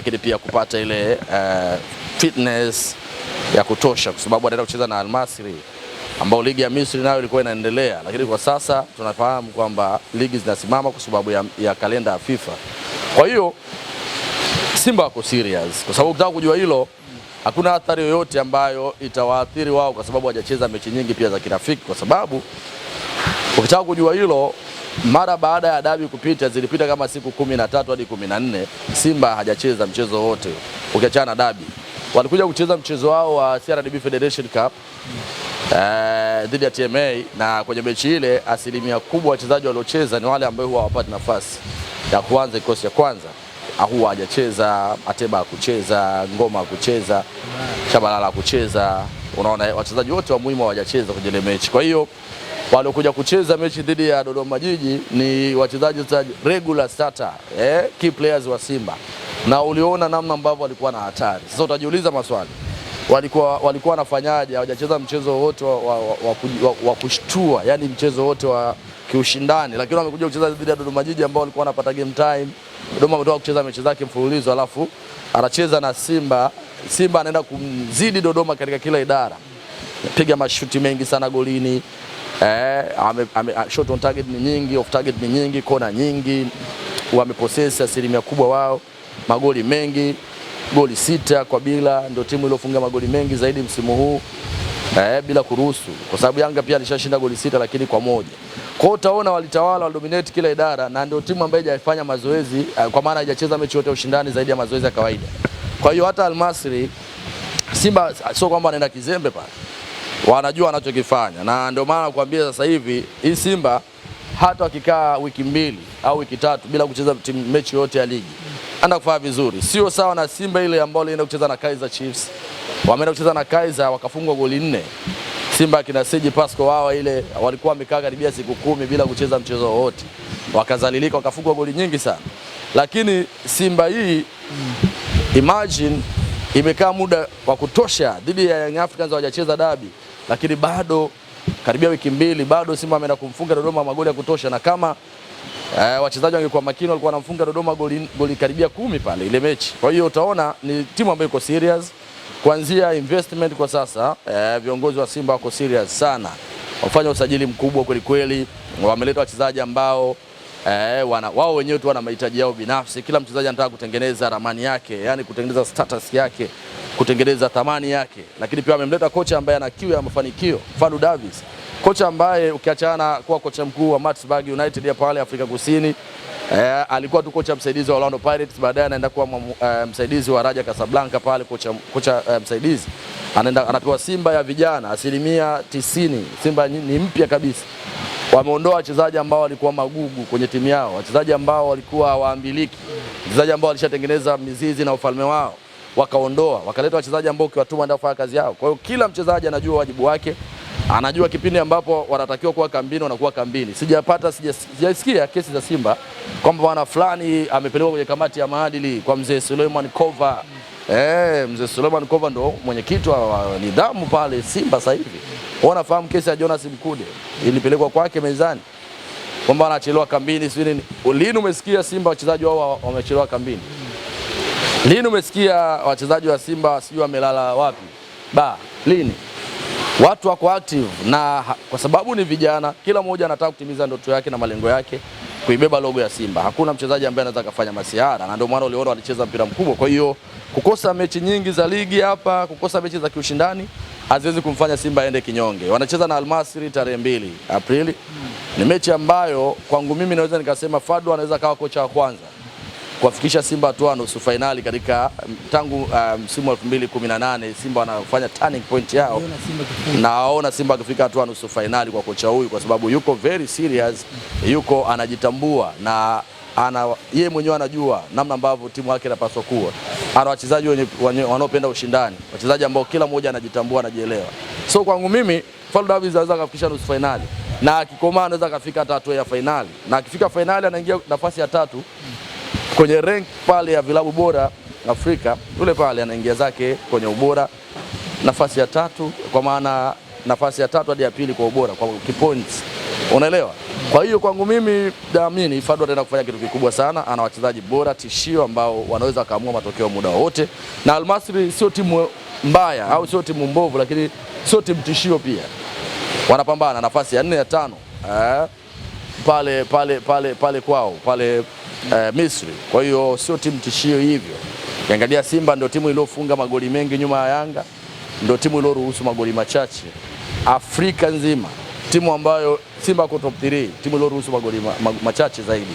lakini pia kupata ile uh, fitness ya kutosha, kwa sababu anaenda kucheza na Almasri ambao ligi ya Misri nayo ilikuwa inaendelea, lakini kwa sasa tunafahamu kwamba ligi zinasimama kwa sababu ya, ya kalenda ya FIFA. Kwa hiyo Simba wako serious, kwa sababu ukitaka kujua hilo hakuna athari yoyote ambayo itawaathiri wao, kwa sababu hawajacheza mechi nyingi pia za kirafiki, kwa sababu ukitaka kujua hilo mara baada ya dabi kupita, zilipita kama siku kumi na tatu hadi kumi na nne Simba hajacheza mchezo wote ukiachana na dabi. Walikuja kucheza mchezo wao wa CRDB Federation Cup eh, dhidi ya TMA, na kwenye mechi ile asilimia kubwa wachezaji waliocheza ni wale ambao huwa hawapati nafasi ya kuanza kikosi cha kwanza ahua hajacheza Ateba kucheza, Ngoma kucheza, Shabalala kucheza, Unaona, wachezaji wote wa muhimu hawajacheza kwenye ile mechi, kwa hiyo waliokuja kucheza mechi dhidi ya Dodoma Jiji ni wachezaji regular starter, eh, key players wa Simba, na uliona namna ambavyo walikuwa na hatari. Sasa utajiuliza maswali, walikuwa walikuwa wanafanyaje? Hawajacheza mchezo wote wa, wa, wa, wa, wa kushtua, yani mchezo wote wa kiushindani, lakini wamekuja kucheza dhidi ya Dodoma Jiji ambao walikuwa wanapata game time. Dodoma ametoka kucheza mechi zake mfululizo, alafu anacheza na Simba. Simba anaenda kumzidi Dodoma katika kila idara, piga mashuti mengi sana golini eh, ame, ame, ah, shot on target ni nyingi, off target ni nyingi, kona nyingi, wameposesi asilimia kubwa wao, magoli mengi, goli sita kwa bila, ndio timu iliyofunga magoli mengi zaidi msimu huu eh, bila kuruhusu, kwa sababu Yanga pia alishashinda goli sita lakini kwa moja. Kwa hiyo utaona walitawala, walidominate kila idara, na ndio timu ambayo haijafanya mazoezi, eh, kwa maana haijacheza mechi yote ushindani zaidi ya mazoezi ya kawaida. Kwa hiyo hata Almasri Simba sio kwamba anaenda kizembe pale wanajua wanachokifanya, na ndio maana nakwambia sasa hivi hii Simba hata wakikaa wiki mbili au wiki tatu bila kucheza mechi yote ya ligi anaenda kufanya vizuri. Sio sawa na Simba ile ambayo ilienda kucheza na Kaizer Chiefs, wameenda kucheza na Kaizer wakafungwa goli nne. Simba kina Seji Pasco wao ile walikuwa wamekaa karibia siku kumi bila kucheza mchezo wowote, wakazalilika, wakafungwa goli nyingi sana. Lakini Simba hii imagine imekaa muda wa kutosha dhidi ya Young Africans, hawajacheza dabi lakini bado karibia wiki mbili, bado Simba ameenda kumfunga Dodoma magoli ya kutosha, na kama eh, wachezaji wangekuwa makini walikuwa wanamfunga Dodoma goli, goli karibia kumi pale ile mechi. Kwa hiyo utaona ni timu ambayo iko serious kuanzia investment kwa sasa eh, viongozi wa Simba wako serious sana, wafanya usajili mkubwa kweli kweli, wameleta wachezaji ambao eh, wana, wao wenyewe tu wana mahitaji yao binafsi. Kila mchezaji anataka kutengeneza ramani yake, yani kutengeneza status yake kutengeneza thamani yake, lakini pia amemleta kocha ambaye ana kiu ya mafanikio, Fadu Davis, kocha ambaye ukiachana kuwa kocha mkuu wa Maritzburg United ya pale Afrika Kusini e, alikuwa tu kocha msaidizi wa Orlando Pirates, baadaye anaenda kuwa eh, msaidizi wa Raja Casablanca pale kocha, kocha eh, msaidizi anaenda anapewa Simba ya vijana asilimia tisini. Simba ni mpya kabisa, wameondoa wachezaji ambao walikuwa magugu kwenye timu yao, wachezaji ambao walikuwa waambiliki, wachezaji ambao walishatengeneza mizizi na ufalme wao wakaondoa, wakaleta wachezaji ambao ukiwatuma ndio kufanya kazi yao. Kwa hiyo kila mchezaji anajua wajibu wake, anajua kipindi ambapo wanatakiwa kuwa kambini, wanakuwa kambini. Sijapata, sijasikia kesi za Simba kwamba bwana fulani amepelekwa kwenye kamati ya maadili kwa mzee Suleiman Kova. Eh, mzee Suleiman Kova ndo mwenyekiti wa nidhamu pale Simba sasa hivi. Wanafahamu kesi ya Jonas Mkude ilipelekwa kwake mezani kwamba anachelewa kambini, sio nini. Lini umesikia Simba wachezaji wao wamechelewa kambini? Lini umesikia wachezaji wa Simba sijui wamelala wapi? Ba, lini? Watu wako active na kwa sababu ni vijana, kila mmoja anataka kutimiza ndoto yake na malengo yake, kuibeba logo ya Simba. Hakuna mchezaji ambaye anaweza kufanya masihara, na ndio maana uliona walicheza mpira mkubwa. Kwa hiyo kukosa mechi nyingi za ligi hapa, kukosa mechi za kiushindani haziwezi kumfanya Simba aende kinyonge. Wanacheza na Almasri tarehe mbili Aprili. Ni mechi ambayo kwangu mimi naweza nikasema Fadlu anaweza kawa kocha wa kwanza kuwafikisha Simba hatua nusu fainali katika um, tangu uh, msimu um, wa 2018 Simba wanafanya turning point yao, naona Simba akifika hatua nusu fainali kwa kocha huyu, kwa sababu yuko very serious, yuko anajitambua na ana yeye mwenyewe anajua namna ambavyo timu yake inapaswa kuwa. Ana wachezaji wanaopenda ushindani, wachezaji ambao kila mmoja anajitambua, anajielewa. So kwangu mimi Fall Davies anaweza kufikisha nusu fainali na akikomaa anaweza kufika hata hatua ya fainali, na akifika fainali anaingia nafasi ya tatu kwenye rank pale ya vilabu bora Afrika, yule pale anaingia zake kwenye ubora nafasi ya tatu, kwa maana nafasi ya tatu hadi ya pili kwa ubora kwa kipoints, unaelewa. Kwa hiyo kwangu mimi naamini Fadlu ataenda kufanya kitu kikubwa sana. Ana wachezaji bora tishio ambao wanaweza wakaamua matokeo muda wowote, na Almasri sio timu mbaya au sio timu mbovu, lakini sio timu tishio pia. Wanapambana nafasi ya nne ya tano eh, pale pale pale pale kwao pale eh, Misri. Kwa hiyo sio timu tishio hivyo. Kiangalia Simba ndio timu iliyofunga magoli mengi nyuma ya Yanga, ndio timu iliyoruhusu magoli machache Afrika nzima, timu ambayo Simba kwa top 3, timu iliyoruhusu magoli ma, ma, machache zaidi.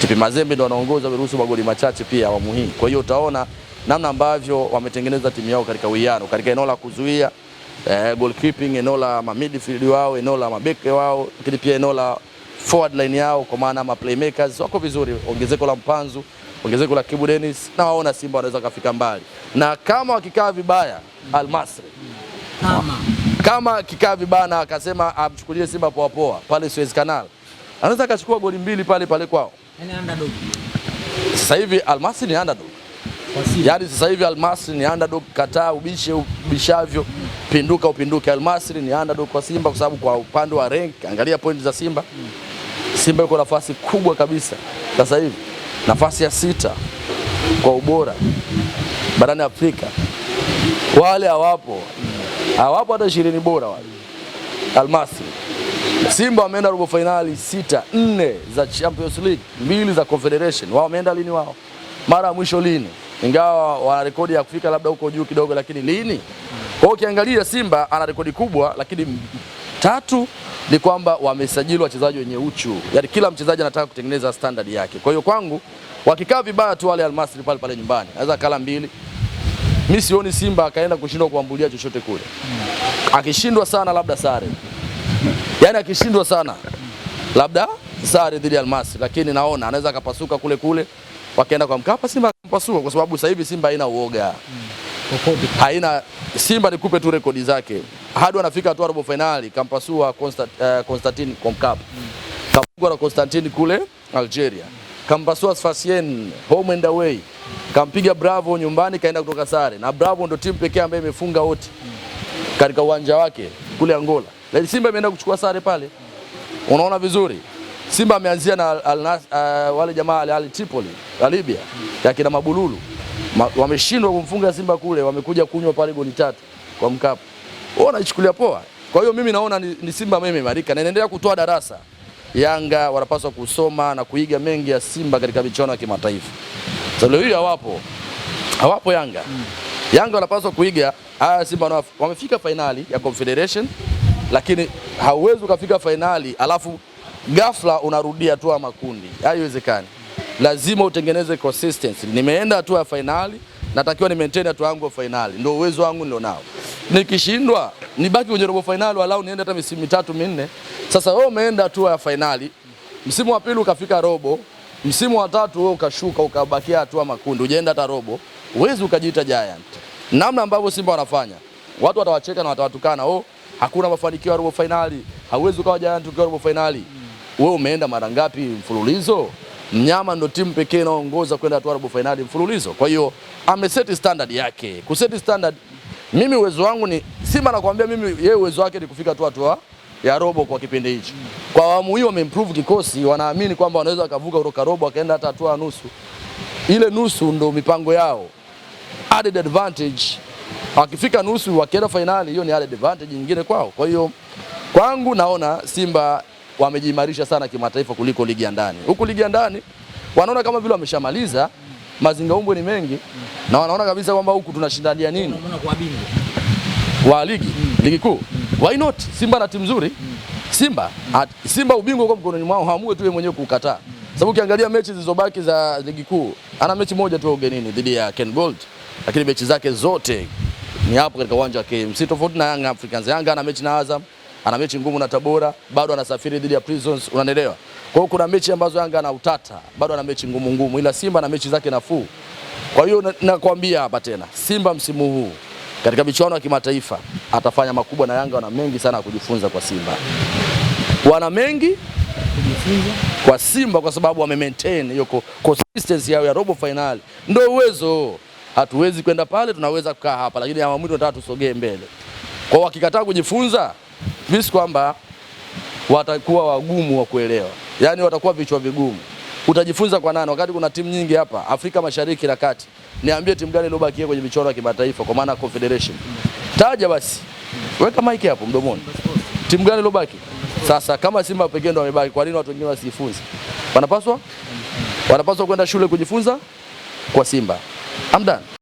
TP Mazembe ndio wanaongoza wameruhusu magoli machache pia awamu hii. Kwa hiyo utaona namna ambavyo wametengeneza timu yao katika uwiano, katika eneo la kuzuia eh, goalkeeping, eneo la midfield wao, eneo la mabeki wao, lakini pia eneo la forward line yao kwa maana ma playmakers wako vizuri, ongezeko la Mpanzu, ongezeko la Kibu Dennis, na waona Simba wanaweza kafika mbali, na kama wakikaa vibaya Almasri kama, kama kikaa vibaya na akasema amchukulie Simba poa poa pale Suez Canal, anaweza akachukua goli mbili pale pale kwao. Yaani sasa hivi Almasri ni underdog Yaani sasa hivi Almasri ni underdog, kataa ubishe ubishavyo, pinduka upinduke. Almasri ni underdog kwa Simba kwa sababu kwa upande wa rank, angalia pointi za Simba Simba yuko nafasi kubwa kabisa sasa hivi, nafasi ya sita kwa ubora barani Afrika. Wale hawapo hawapo hata ishirini bora wale. Almasi Simba wameenda robo fainali sita, nne za Champions League, mbili za Confederation. Wao wameenda lini? Wao mara ya mwisho lini? Ingawa wana rekodi ya kufika labda huko juu kidogo, lakini lini? Kwa hiyo ukiangalia Simba ana rekodi kubwa, lakini Tatu ni kwamba wamesajili wachezaji wenye uchu, yaani kila mchezaji anataka kutengeneza standard yake. Kwa hiyo kwangu wakikaa vibaya tu wale Almasri pale pale nyumbani, anaweza kala mbili, mi sioni Simba akaenda kushindwa kuambulia chochote kule. Akishindwa sana labda sare, yaani akishindwa sana labda sare dhidi ya Almasri, lakini naona anaweza akapasuka kule kule, wakaenda kwa Mkapa Simba akampasua, kwa sababu sasa hivi Simba haina uoga haina Simba nikupe tu rekodi zake hadi anafika hatua robo finali, kampasua Constantine eh, uh, Comcap mm. kafungwa na Constantine kule Algeria mm. kampasua Sfaxien home and away mm. kampiga Bravo nyumbani, kaenda kutoka sare na Bravo, ndo timu pekee ambayo imefunga wote mm. katika uwanja wake kule Angola, lakini Simba imeenda kuchukua sare pale. Unaona vizuri Simba ameanzia na al, al, uh, eh, wale jamaa Al Ahly Tripoli la Libya mm. yakina Mabululu wameshindwa kumfunga Simba kule, wamekuja kunywa pale goli tatu kwa Mkapa. Wao wanachukulia poa. Kwa hiyo mimi naona ni, ni Simba mimi marika na inaendelea kutoa darasa. Yanga wanapaswa kusoma na kuiga mengi ya Simba katika michuano ya kimataifa. Sababu leo hawapo. Hawapo Yanga. Hmm. Yanga wanapaswa kuiga haya ah, Simba wamefika fainali ya Confederation lakini hauwezi ukafika fainali alafu ghafla unarudia tu makundi. Haiwezekani lazima utengeneze consistency. Nimeenda hatua ya fainali, natakiwa ni maintain hatua yangu ya fainali, ndio uwezo wangu nao. Nikishindwa nibaki kwenye robo fainali, walau niende hata misimu mitatu minne. Sasa wewe umeenda hatua ya fainali, msimu wa pili ukafika robo, msimu wa tatu wewe ukashuka, ukabakia hatua makundi, ujaenda hata robo, uwezo ukajiita giant. Namna ambavyo Simba wanafanya watu watawacheka na watawatukana, oh, hakuna mafanikio ya robo fainali, hauwezi ukawa giant ukiwa robo fainali. Hmm. Wewe umeenda mara ngapi mfululizo? Mnyama ndo timu pekee inaongoza kwenda hatua robo fainali mfululizo. Kwa hiyo ameseti standard yake. Kuseti standard, mimi uwezo wangu ni Simba, nakwambia mimi, yeye uwezo wake ni kufika tu hatua ya robo kwa kipindi hicho Kwa awamu hiyo wameimprove kikosi, wanaamini kwamba wanaweza wakavuka kutoka robo wakaenda hata hatua nusu. Ile nusu ndo mipango yao, added advantage. Wakifika nusu wakienda fainali, hiyo ni added advantage nyingine kwao. Kwa hiyo kwangu naona Simba wamejiimarisha sana kimataifa kuliko ligi ya ndani. Huku ligi ya ndani wanaona kama vile wameshamaliza, mazinga umbo ni mengi na wanaona kabisa kwamba huku tunashindania nini wa ligi ligi kuu. Why not? Simba na timu nzuri Simba at, Simba ubingwa uko mkononi mwao, haamue tu mwenyewe kukataa, sababu ukiangalia mechi zilizobaki za ligi kuu ana mechi moja tu ugenini dhidi ya Ken Gold, lakini mechi zake zote ni hapo katika uwanja wa KMC, tofauti na Young Africans. Yanga ana mechi na Azam ana mechi ngumu na Tabora, bado anasafiri dhidi ya Prisons, unanielewa? Kwa hiyo kuna mechi ambazo Yanga ana utata, bado ana mechi ngumu ngumu, ila Simba na mechi zake nafuu. Kwa hiyo nakwambia hapa tena, Simba msimu huu katika michuano ya kimataifa atafanya makubwa, na Yanga wana mengi sana ya kujifunza kwa Simba, wana mengi kujifunza kwa Simba kwa sababu wame maintain hiyo consistency yao ya robo finali, ndio uwezo. Hatuwezi kwenda pale, tunaweza kukaa hapa, lakini tunataka tusogee mbele. Kwa wakikataa kujifunza visi kwamba watakuwa wagumu wa kuelewa, yaani watakuwa vichwa vigumu. Utajifunza kwa nani? Wakati kuna timu nyingi hapa Afrika Mashariki na Kati, niambie timu gani iliyobakia kwenye michoro ya kimataifa kwa maana confederation. Taja basi, weka maiki hapo mdomoni, timu gani iliyobaki? Sasa kama Simba pekee ndo wamebaki, kwa nini watu wengine wasijifunze? Wanapaswa wanapaswa kwenda shule kujifunza kwa Simba. Amdan.